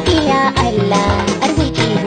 iya Allah arziki mu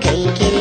kai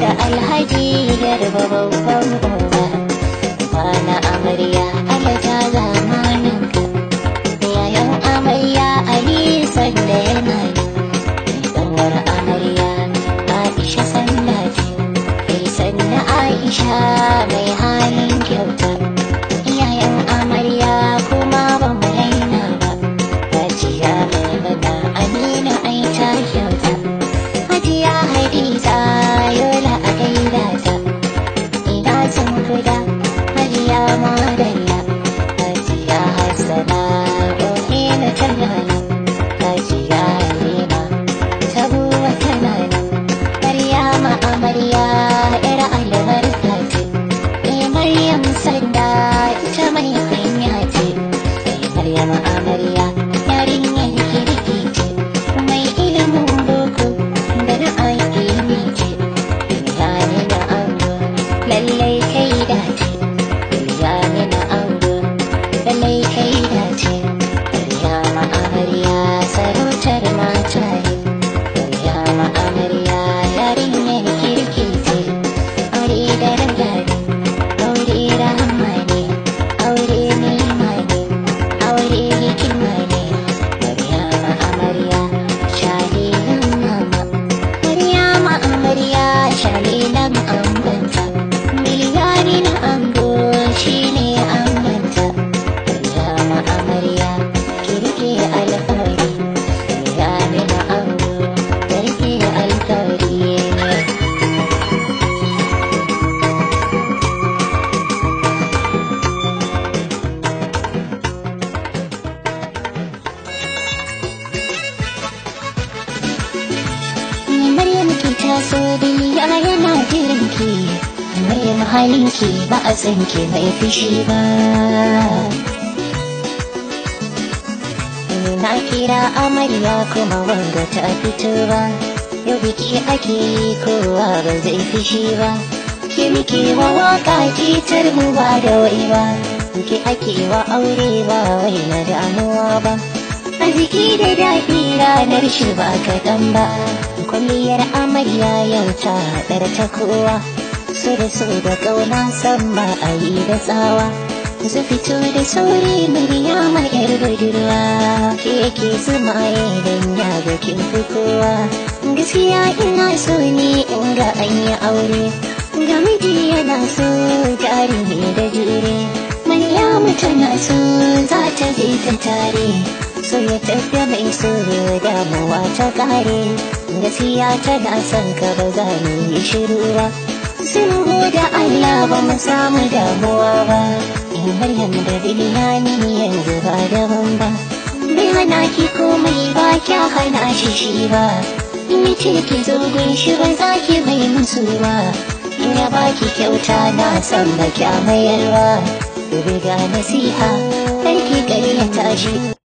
da alhaji yarba babban goba kwana amarya alata zamanin yayan amarya ali sanda yana mai Ɗanwar amarya aisha sallaci mai sanna aisha mai taso yayana yana jirinki maryam halinki ba a tsinke bai ba na kira amarya kuma wanda ta fito ba yau biki ake kowa ba zai fushi ba ke muke wa waka ki tarmu ba da wai ba wa aure ba wai na ba arziki da daɗi ranar shi ba kaɗan ba kwalliyar amarya yanka ta ta kowa su da su da ƙauna san ba a yi da tsawa su fito da sauri murya ma yar budurwa ke ke ma idan ya ga kin fi kowa gaskiya ina so ne in ga an aure ga miji yana so tarihi da jure Maryamu tana so za ta je ta tare so ya tafiya mai so damuwa ta kare gaskiya tana son ka ba za mu yi shiru ba sun da Allah ba mu samu damuwa ba in har da biliyani yanzu ba daban ba bai ki komai ba kya hana shi shi ba in ce ki zo gun shi ba za ki bai musu ba in ya baki kyauta na san ba kya ba riga nasiha kai ki gari ta